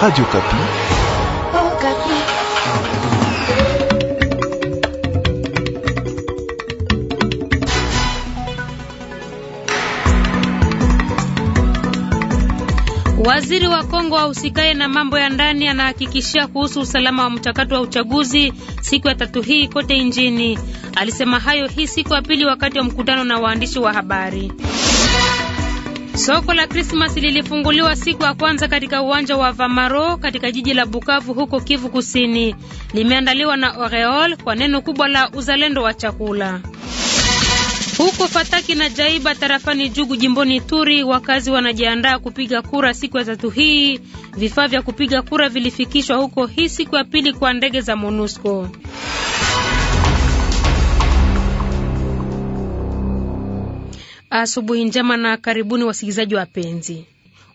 Radio Kapi. Oh, Kapi. Waziri wa Kongo ahusikaye na mambo ya ndani anahakikishia kuhusu usalama wa mchakato wa uchaguzi siku ya tatu hii kote nchini. Alisema hayo hii siku ya pili wakati wa mkutano na waandishi wa habari. Soko la Christmas lilifunguliwa siku ya kwanza katika uwanja wa Vamaro katika jiji la Bukavu huko Kivu Kusini. Limeandaliwa na Oreol kwa neno kubwa la uzalendo wa chakula. Huko Fataki na Jaiba tarafani Jugu jimboni Turi, wakazi wanajiandaa kupiga kura siku ya tatu hii. Vifaa vya kupiga kura vilifikishwa huko hii siku ya pili kwa ndege za MONUSCO. Asubuhi njema na karibuni wasikilizaji wapenzi.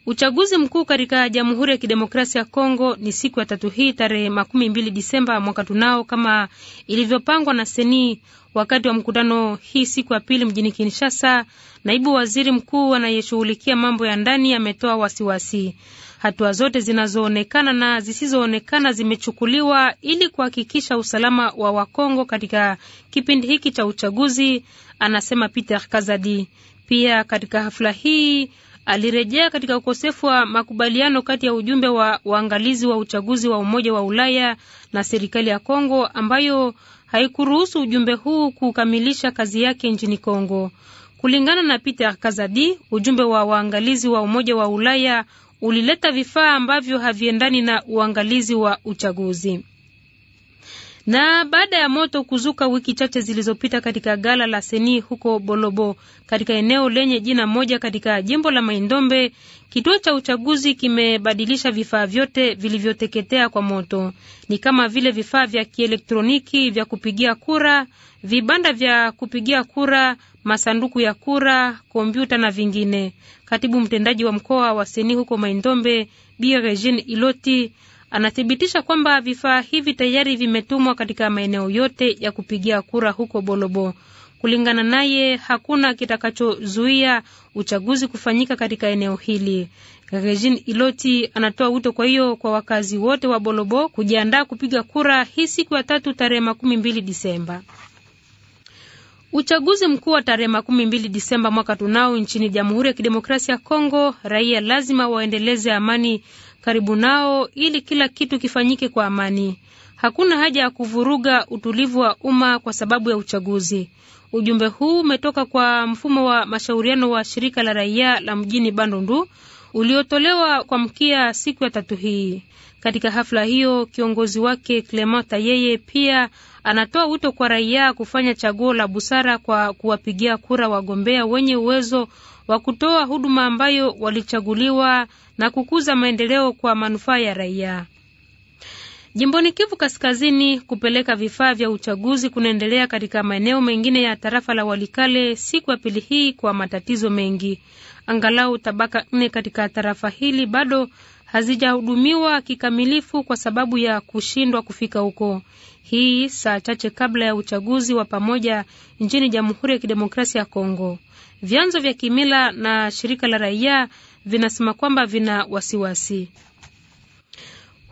Uchaguzi mkuu katika Jamhuri ya Kidemokrasia ya Kongo ni siku ya tatu hii tarehe makumi mbili Disemba mwaka tunao, kama ilivyopangwa na Seni. Wakati wa mkutano hii siku ya pili mjini Kinshasa, naibu waziri mkuu anayeshughulikia mambo ya ndani ametoa wasiwasi. Hatua zote zinazoonekana na zisizoonekana zimechukuliwa ili kuhakikisha usalama wa Wakongo katika kipindi hiki cha uchaguzi, anasema Peter Kazadi. Pia katika hafla hii alirejea katika ukosefu wa makubaliano kati ya ujumbe wa waangalizi wa uchaguzi wa Umoja wa Ulaya na serikali ya Kongo ambayo haikuruhusu ujumbe huu kukamilisha kazi yake nchini Kongo. Kulingana na Peter Kazadi, ujumbe wa waangalizi wa Umoja wa Ulaya ulileta vifaa ambavyo haviendani na uangalizi wa uchaguzi. Na baada ya moto kuzuka wiki chache zilizopita katika gala la Seni huko Bolobo katika eneo lenye jina moja katika jimbo la Maindombe, kituo cha uchaguzi kimebadilisha vifaa vyote vilivyoteketea kwa moto, ni kama vile vifaa vya kielektroniki vya kupigia kura, vibanda vya kupigia kura, masanduku ya kura, kompyuta na vingine. Katibu mtendaji wa mkoa wa Seni huko Maindombe, Bi Regine Iloti anathibitisha kwamba vifaa hivi tayari vimetumwa katika maeneo yote ya kupigia kura huko Bolobo. Kulingana naye, hakuna kitakachozuia uchaguzi kufanyika katika eneo hili. Regine Iloti anatoa wito kwa hiyo kwa wakazi wote wa Bolobo kujiandaa kupiga kura hii siku ya tatu tarehe makumi mbili Disemba. Uchaguzi mkuu wa tarehe makumi mbili Disemba mwaka tunao nchini Jamhuri ya Kidemokrasia ya Kongo, raia lazima waendeleze amani karibu nao ili kila kitu kifanyike kwa amani. Hakuna haja ya kuvuruga utulivu wa umma kwa sababu ya uchaguzi. Ujumbe huu umetoka kwa mfumo wa mashauriano wa shirika la raia la mjini Bandundu uliotolewa kwa mkia siku ya tatu hii. Katika hafla hiyo, kiongozi wake Clement Tayeye pia anatoa wito kwa raia kufanya chaguo la busara kwa kuwapigia kura wagombea wenye uwezo wa kutoa huduma ambayo walichaguliwa na kukuza maendeleo kwa manufaa ya raia. Jimboni Kivu Kaskazini, kupeleka vifaa vya uchaguzi kunaendelea katika maeneo mengine ya tarafa la Walikale siku ya pili hii kwa matatizo mengi. Angalau tabaka nne katika tarafa hili bado hazijahudumiwa kikamilifu kwa sababu ya kushindwa kufika huko. Hii saa chache kabla ya uchaguzi wa pamoja nchini Jamhuri ya Kidemokrasia ya Kongo. Vyanzo vya kimila na shirika la raia vinasema kwamba vina wasiwasi.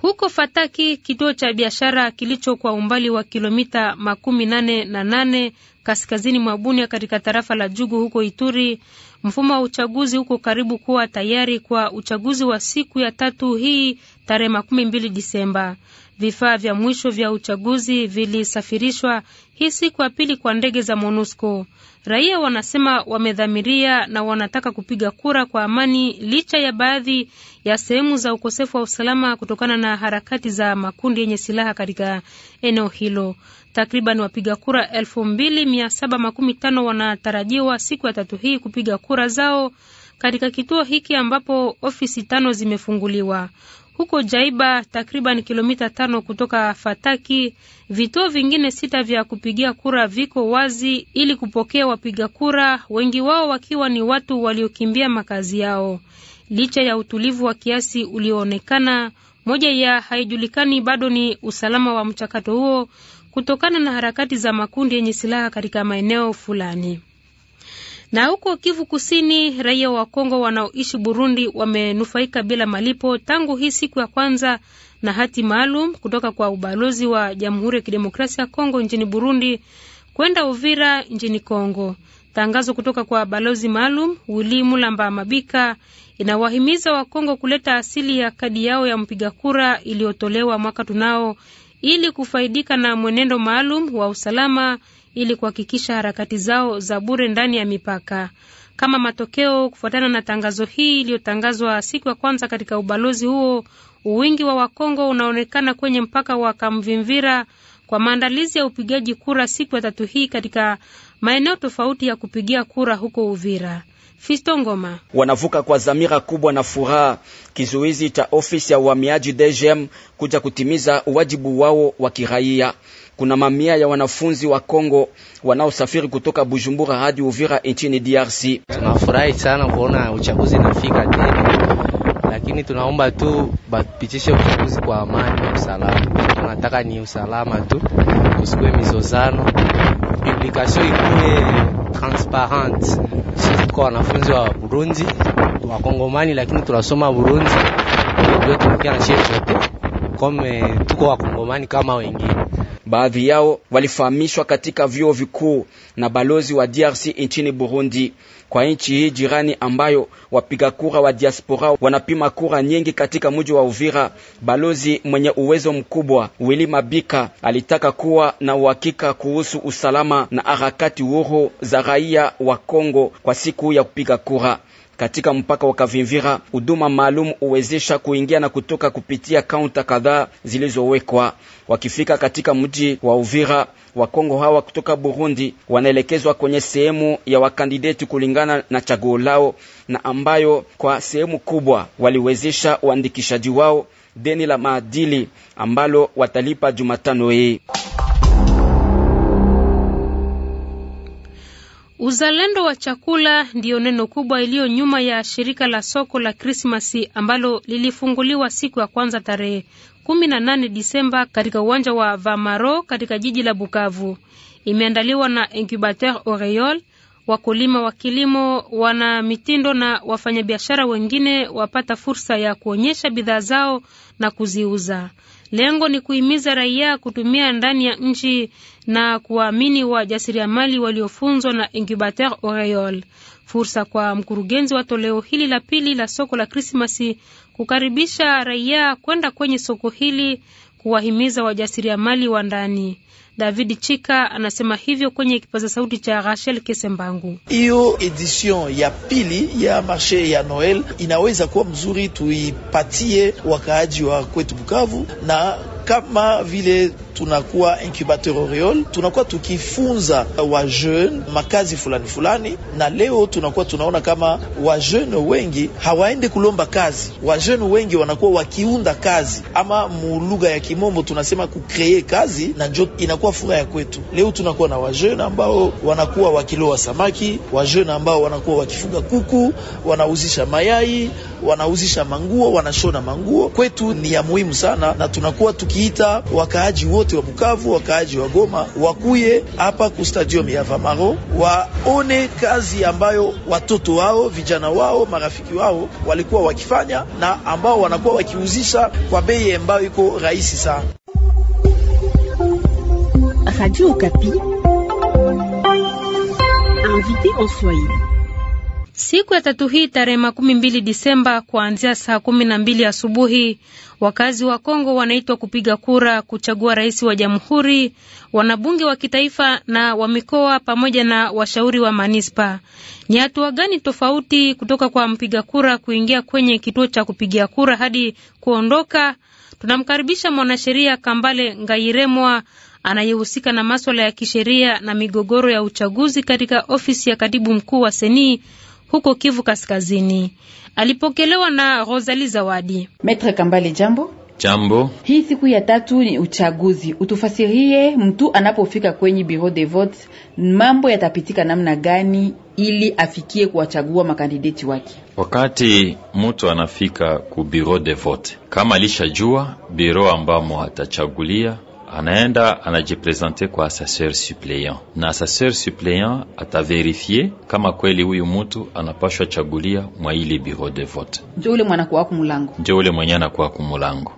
Huko Fataki, kituo cha biashara kilicho kwa umbali wa kilomita makumi nane na nane kaskazini mwa Bunia katika tarafa la Jugu huko Ituri, mfumo wa uchaguzi huko karibu kuwa tayari kwa uchaguzi wa siku ya tatu hii tarehe makumi mbili Disemba. Vifaa vya mwisho vya uchaguzi vilisafirishwa hii siku ya pili kwa ndege za MONUSCO. Raia wanasema wamedhamiria na wanataka kupiga kura kwa amani, licha ya baadhi ya sehemu za ukosefu wa usalama kutokana na harakati za makundi yenye silaha katika eneo hilo. Takriban wapiga kura 2715 wanatarajiwa siku ya tatu hii kupiga kura zao katika kituo hiki ambapo ofisi tano zimefunguliwa huko Jaiba, takriban kilomita tano kutoka Fataki. Vituo vingine sita vya kupigia kura viko wazi ili kupokea wapiga kura, wengi wao wakiwa ni watu waliokimbia makazi yao. Licha ya utulivu wa kiasi ulioonekana, moja ya haijulikani bado ni usalama wa mchakato huo kutokana na harakati za makundi yenye silaha katika maeneo fulani. Na huko Kivu Kusini, raia wa Kongo wanaoishi Burundi wamenufaika bila malipo tangu hii siku ya kwanza na hati maalum kutoka kwa ubalozi wa Jamhuri ya Kidemokrasia ya Kongo nchini Burundi kwenda Uvira nchini Kongo. Tangazo kutoka kwa balozi maalum Wili Mulamba Mabika inawahimiza Wakongo kuleta asili ya kadi yao ya mpiga kura iliyotolewa mwaka tunao ili kufaidika na mwenendo maalum wa usalama ili kuhakikisha harakati zao za bure ndani ya mipaka. Kama matokeo, kufuatana na tangazo hii iliyotangazwa siku ya kwanza katika ubalozi huo, uwingi wa Wakongo unaonekana kwenye mpaka wa Kamvimvira kwa maandalizi ya upigaji kura siku ya tatu hii katika maeneo tofauti ya kupigia kura huko Uvira. Fisto Ngoma wanavuka kwa dhamira kubwa na furaha kizuizi cha ofisi ya uhamiaji DGM kuja kutimiza wajibu wao wa kiraia kuna mamia ya wanafunzi wa Kongo wanaosafiri kutoka Bujumbura hadi Uvira nchini DRC. Tunafurahi sana kuona uchaguzi nafika tena, lakini tunaomba tu bapitishe uchaguzi kwa amani na usalama. Tunataka ni usalama tu, kusikuwe mizozano, publikasio ikuwe transparent. Sisi kwa wanafunzi wa Burundi wa Kongomani, lakini tunasoma Burundi ndio tunakia na shie zote kome tuko wa Wakongomani kama wengine. Baadhi yao walifahamishwa katika vyuo vikuu na balozi wa DRC nchini Burundi, kwa nchi hii jirani ambayo wapiga kura wa diaspora wanapima kura nyingi katika mji wa Uvira. Balozi mwenye uwezo mkubwa Willy Mabika alitaka kuwa na uhakika kuhusu usalama na harakati huru za raia wa Kongo kwa siku ya kupiga kura katika mpaka wa Kavimvira. Huduma maalum huwezesha kuingia na kutoka kupitia kaunta kadhaa zilizowekwa. Wakifika katika mji wa Uvira, Wakongo hawa kutoka Burundi wanaelekezwa kwenye sehemu ya wakandideti kulingana na chaguo lao, na ambayo kwa sehemu kubwa waliwezesha uandikishaji wao deni la maadili ambalo watalipa Jumatano hii. Uzalendo wa chakula ndiyo neno kubwa iliyo nyuma ya shirika la soko la Krismasi ambalo lilifunguliwa siku ya kwanza tarehe 18 Disemba katika uwanja wa Vamaro katika jiji la Bukavu. Imeandaliwa na Incubateur Oreol, wakulima wa kilimo, wana mitindo na wafanyabiashara wengine wapata fursa ya kuonyesha bidhaa zao na kuziuza. Lengo ni kuhimiza raia kutumia ndani ya nchi na kuwaamini wajasiriamali waliofunzwa na Incubateur Oreol. Fursa kwa mkurugenzi wa toleo hili la pili la soko la Krismasi kukaribisha raia kwenda kwenye soko hili, kuwahimiza wajasiriamali wa ndani. David Chika anasema hivyo kwenye kipaza sauti cha Rachel Kesembangu. Hiyo edition ya pili ya marshe ya Noel inaweza kuwa mzuri, tuipatie wakaaji wa kwetu Bukavu na kama vile tunakuwa incubateur Oriol, tunakuwa tukifunza wa jeune makazi fulani fulani, na leo tunakuwa tunaona kama wa jeune wengi hawaende kulomba kazi, wa jeune wengi wanakuwa wakiunda kazi, ama mulugha ya kimombo tunasema kukree kazi, na njo inakuwa furaha ya kwetu. Leo tunakuwa na wa jeune ambao wanakuwa wakiloa samaki, wa jeune ambao wanakuwa wakifuga kuku, wanauzisha mayai wanauzisha manguo, wanashona manguo. Kwetu ni ya muhimu sana, na tunakuwa tukiita wakaaji wote wa Bukavu, wakaaji wa Goma wakuye hapa ku stadium ya Vamaro waone kazi ambayo watoto wao, vijana wao, marafiki wao walikuwa wakifanya na ambao wanakuwa wakiuzisha kwa bei ambayo iko rahisi sana. Radio Okapi. Invité en Swahili. Siku ya tatu hii tarehe makumi mbili Disemba, kuanzia saa kumi na mbili asubuhi, wakazi wa Kongo wanaitwa kupiga kura kuchagua rais wa jamhuri, wanabunge wa kitaifa na wa mikoa, pamoja na washauri wa manispa. Ni hatua gani tofauti kutoka kwa mpiga kura kuingia kwenye kituo cha kupigia kura hadi kuondoka? Tunamkaribisha mwanasheria Kambale Ngairemwa anayehusika na maswala ya kisheria na migogoro ya uchaguzi katika ofisi ya katibu mkuu wa Senii huko Kivu Kaskazini. Alipokelewa na Rosali Zawadi. Metre Kambale, jambo. Jambo. Hii siku ya tatu ni uchaguzi, utufasirie mtu anapofika kwenye bureau de vote, mambo yatapitika namna gani ili afikie kuwachagua makandideti wake? Wakati mtu anafika ku bureau de vote, kama alishajua bureau ambamo atachagulia anaenda anajipresente kwa assesseur suppléant na assesseur suppléant ataverifie kama kweli huyu mtu anapashwa chagulia mwa ile bureau de vote. Ndio ule mwanakuwa kumulango, ndio ule mwenye anakuwa kumulango,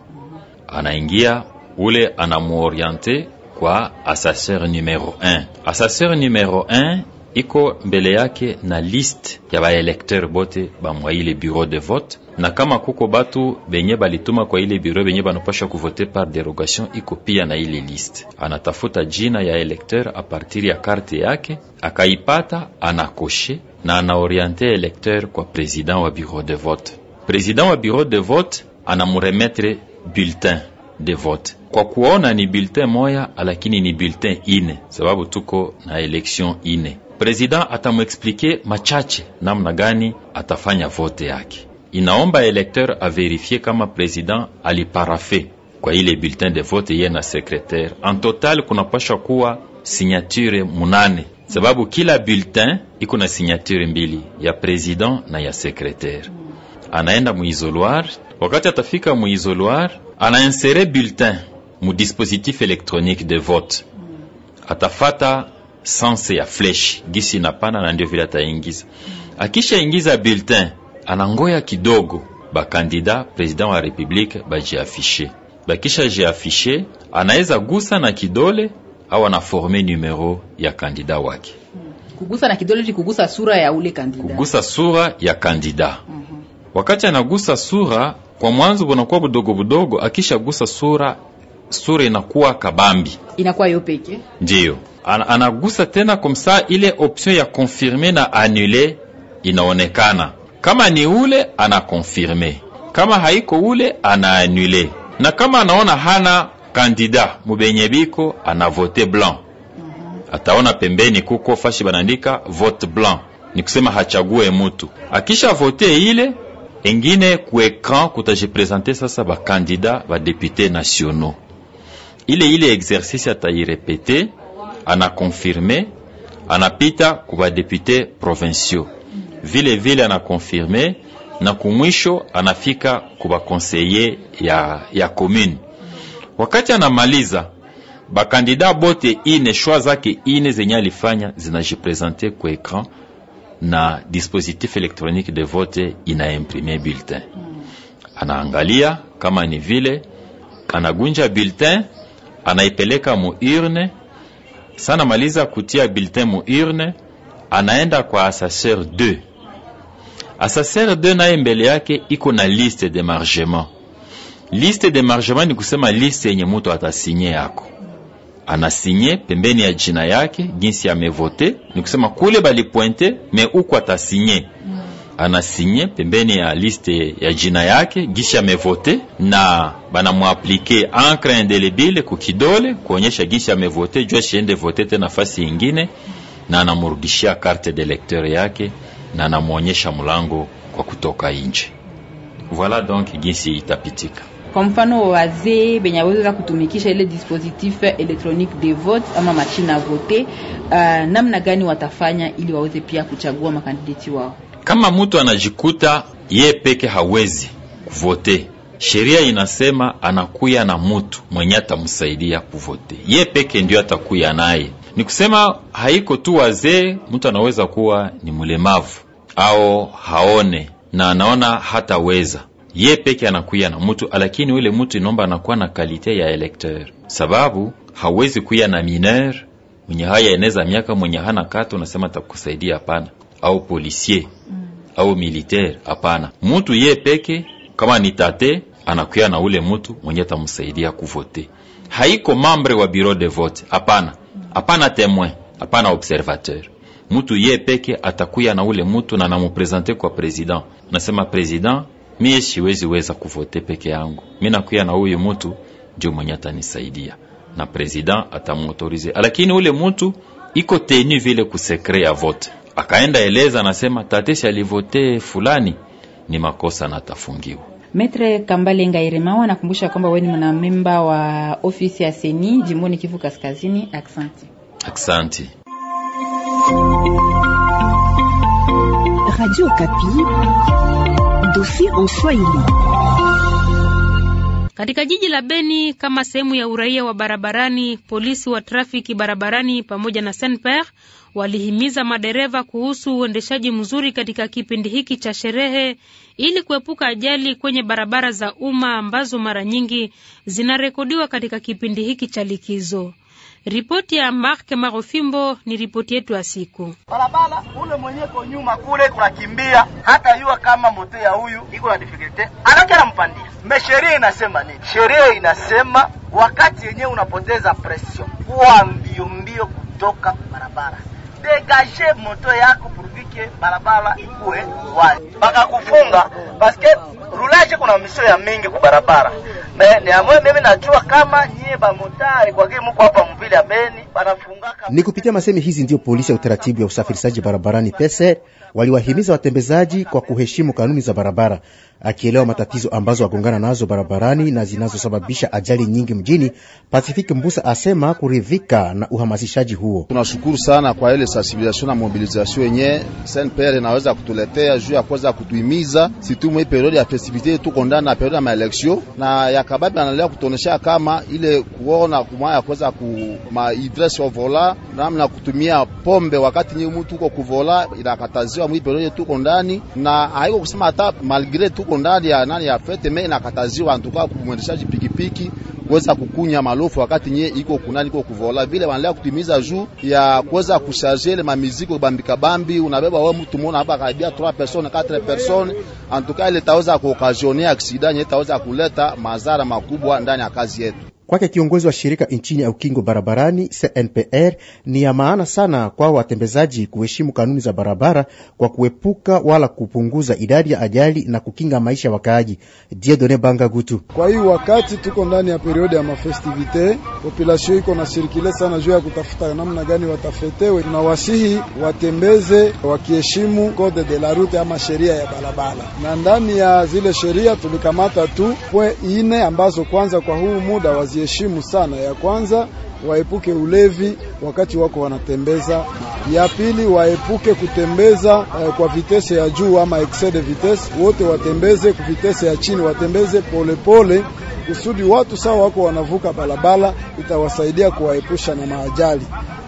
anaingia ule anamuoriente kwa assesseur numero 1. Assesseur numero 1 iko mbele yake na liste ya baelekteur bote bamwa ile bureau de vote na kama kuko batu benye balituma kwa ile biro benye banopasha kuvote par derogation iko pia na ile liste. Anatafuta jina ya elekteur a partir ya karte yake, akaipata anakoshe na anaoriente elekteur kwa president wa bureau de vote. President wa bureau de vote anamuremetre bulletin de vote kwa kuona ni bulletin moya, lakini ni bulletin ine, sababu tuko na election ine. President atamuexplike machache namna gani atafanya vote yake inaomba elekteur averifiye kama president aliparafe kwa ile bulletin de vote ye na secrétaire. En total kunapasha kuwa signature munane, sababu kila bulletin iko na signature mbili, ya president na ya sekretari. Anaenda muizoloir, wakati atafika muizoloir anainsere bulletin mu dispositif électronique de vote, atafata sense ya fleshi gisi napana na ndio vile ataingiza. Akisha ingiza bulletin anangoya kidogo bakandida president wa republike bajiafishe, bakisha jiafishe anaweza gusa na kidole au anaforme numero ya kandida wake. Kugusa na kidole ni kugusa sura ya ule kandida, kugusa sura ya kandida. Mm -hmm. Wakati anagusa sura kwa mwanzo bunakuwa budogo budogo, gusa sura sura inakuwa kabambi, inakuwa yo peke ndiyo anagusa tena kumsa, ile option ya confirmer na annuler inaonekana kama ni ule anakonfirme, kama haiko ule anaanule, na kama anaona hana kandida mubenye biko anavote blanc. Ataona pembeni kuko fashi banandika vote blanc, ni kusema hachague mutu. Akisha vote ile engine ku ekran kutajipresente sasa bakandida badepute nationaux. Ile ile exercice atairepete, anakonfirme, anapita ku badepute provinciaux vile vile anakonfirme na kumwisho anafika kubakonseye ya, ya komune. Wakati anamaliza bakandida bote ine shwa zake ine zenye alifanya zinajipresente kwa ekran na dispositif elektronique de vote ina imprime bulletin. Anaangalia kama ni vile, anagunja bulletin, anaipeleka mu urne. Sana maliza kutia bulletin mu urne, anaenda kwa assesseur 2 Asaser de naye mbele yake iko na liste de margement. Liste de margement ni kusema liste yenye mtu atasinye yako anasinye pembeni ya jina yake jinsi amevote, ni kusema kule bali pointe me uko atasinye anasinye pembeni ya liste ya jina yake gisha amevote, na banamwaplike encre indelebile kidole kuonyesha gisha amevote, jua shiende vote tena nafasi ingine, na anamurudishia carte de lecteur yake na namwonyesha mlango kwa kutoka nje. Voila donc jinsi itapitika. Kwa mfano wazee benye awezeza kutumikisha ile dispositif electronique de vote ama machine a voter, uh, namna gani watafanya ili waweze pia kuchagua makandidati wao? Kama mtu anajikuta ye peke hawezi kuvote, sheria inasema anakuya na mutu mwenye atamsaidia kuvote, ye peke ndio atakuya naye. Ni kusema haiko tu wazee, mtu anaweza kuwa ni mlemavu au haone na anaona hataweza ye peke anakuya na mutu, lakini ule mutu inomba anakuwa na kalite ya elekteur sababu hawezi kuya na mineur mwenye haya eneza miaka mwenye hana kato, unasema takusaidia hapana au policier mm. au militaire hapana mutu ye peke kama ni tate anakuya na ule mutu mwenye tamusaidia kuvote haiko mambre wa bureau de vote hapana mm. hapana témoin hapana observateur mtu ye peke atakuya na ule mtu na namuprezante kwa president, nasema president, miye siwezi weza kuvote peke yangu, mi nakuya na huyu mtu ndio mwenye atanisaidia, na president atamuautorize, lakini ule mtu iko tenu vile kusekre ya vote. Akaenda eleza, nasema tatesi alivote fulani, ni makosa na tafungiwa. Metre Kambale Ngairemawa anakumbusha kwamba wewe ni mwanamemba wa ofisi ya seni jimboni Kivu Kaskazini. Aksanti, aksanti. Radio Kapi, dossier en Swahili. Katika jiji la Beni kama sehemu ya uraia wa barabarani, polisi wa trafiki barabarani pamoja na Saint-Pierre walihimiza madereva kuhusu uendeshaji mzuri katika kipindi hiki cha sherehe ili kuepuka ajali kwenye barabara za umma ambazo mara nyingi zinarekodiwa katika kipindi hiki cha likizo. Ripoti ya Mark Marofimbo ni ripoti yetu ya siku. Barabara ule mwenye kwa nyuma kule kunakimbia, hata yua kama moto ya huyu iko na difikulte anakera mpandia me. Sheria inasema nini? Sheria inasema wakati yenyewe unapoteza presio, kuwa mbio mbio kutoka barabara, degage moto yako purvike barabara ikuwe wazi, bakakufunga paske rulaje kuna misio ya mingi kubarabara barabara Eh, ni kupitia masemi hizi ndiyo polisi ya utaratibu ya usafirishaji barabarani pese waliwahimiza watembezaji kwa kuheshimu kanuni za barabara akielewa matatizo ambazo agongana nazo barabarani na zinazosababisha ajali nyingi mjini. Pacific Mbusa asema kuridhika na uhamasishaji huo. Tunashukuru sana kwa ile sensibilisation na mobilisation yenye SNPR inaweza kutuletea juu ya kuweza kutuimiza situmu periodi ya festivite, tuko ndani na periodi ya maeleksio na yakababi analea kutuonesha kama ile kuona ya kuweza ku wa vola namna kutumia pombe wakati nyinyi mtu uko kuvola inakataziwa mwi periodi tuko ndani na haiko kusema hata malgre tu kuko ndani ya nani ya fete me inakataziwa antuka kumwendeshaji pikipiki kuweza kukunya malofu wakati nye iko kunani iko kuvola vile wanalea kutimiza juu ya kuweza kushaje ile mamiziko bambika bambi, unabeba wewe mtu mmoja hapa karibia 3 personnes 4 personnes, antuka ile taweza kuokazionia aksida yetaweza kuleta madhara makubwa ndani ya kazi yetu. Kwake kiongozi wa shirika nchini ya ukingo barabarani CNPR, ni ya maana sana kwa watembezaji kuheshimu kanuni za barabara kwa kuepuka wala kupunguza idadi ya ajali na kukinga maisha ya wakaaji. Diedone Banga Gutu: kwa hii wakati tuko ndani ya periode ya mafestivite, populasio iko na sirikile sana juu ya kutafuta namna gani watafetewe. Tunawasihi watembeze wakiheshimu code de la route ama sheria ya barabara, na ndani ya zile sheria tulikamata tu pwe ine ambazo kwanza kwa huu muda wazi waziheshimu sana. Ya kwanza waepuke ulevi wakati wako wanatembeza. Ya pili waepuke kutembeza eh, kwa vitese ya juu ama excess de vitesse. Wote watembeze kwa vitese ya chini, watembeze polepole kusudi watu sawa wako wanavuka barabara, itawasaidia kuwaepusha na maajali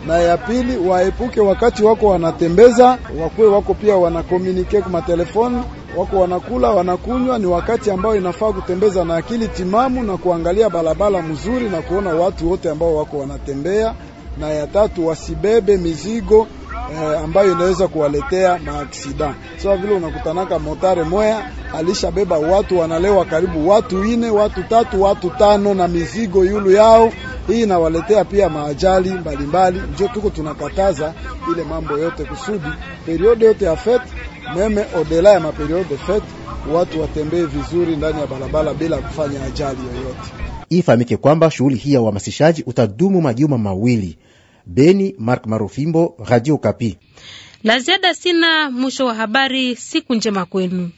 na ya pili waepuke wakati wako wanatembeza, wakuwe wako pia wanakomunike kwa telefoni wako wanakula wanakunywa. Ni wakati ambao inafaa kutembeza na akili timamu na kuangalia barabara mzuri na kuona watu wote ambao wako wanatembea. Na ya tatu wasibebe mizigo eh, ambayo inaweza kuwaletea maaksida. Sawa vile unakutanaka motare moya alishabeba watu wanalewa karibu watu ine, watu tatu, watu tano na mizigo yulu yao hii inawaletea pia maajali mbalimbali, ndio tuko tunakataza ile mambo yote kusudi periode yote ya fete meme odela ya maperiode de fete watu watembee vizuri ndani ya barabara bila kufanya ajali yoyote. Ifahamike kwamba shughuli hii ya uhamasishaji utadumu majuma mawili. Beni, Mark Marufimbo, Radio Kapi. La ziada sina. Mwisho wa habari. Siku njema kwenu.